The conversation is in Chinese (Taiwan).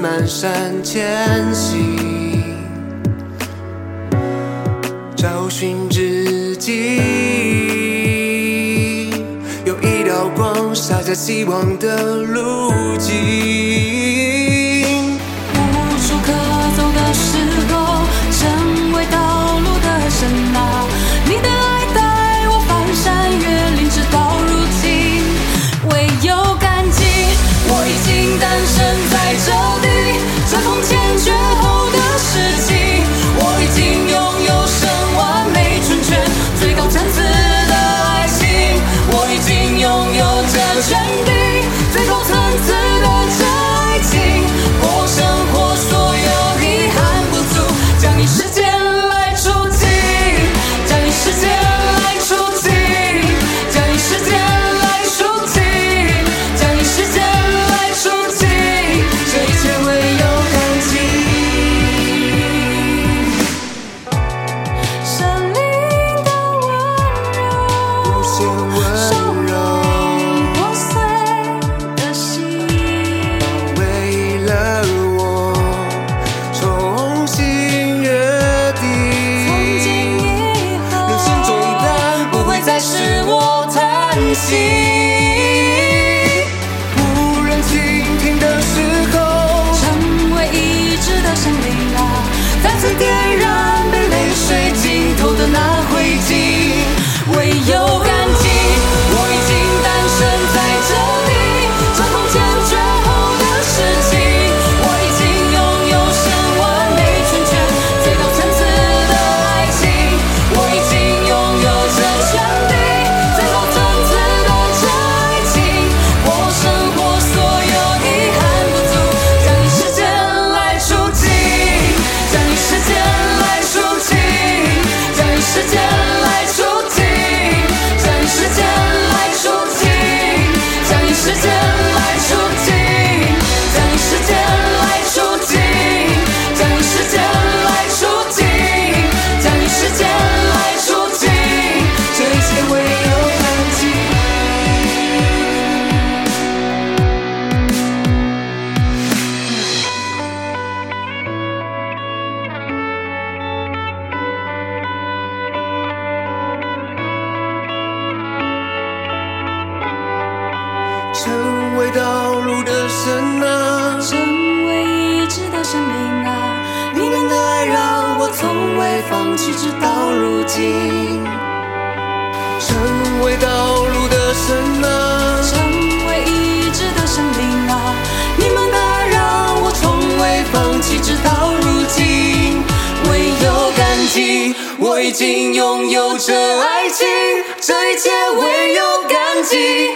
蹣跚前行找尋之際，有一道光，撒下在希望的路徑。成為道路的神啊，成為醫治的聖靈啊，你們的愛讓我從未放棄，直到如今。成為道路的神啊，成為醫治的聖靈啊，你們的愛讓我從未放棄，直到如今。唯有感激，我已經擁有這愛情，這一切唯有感激。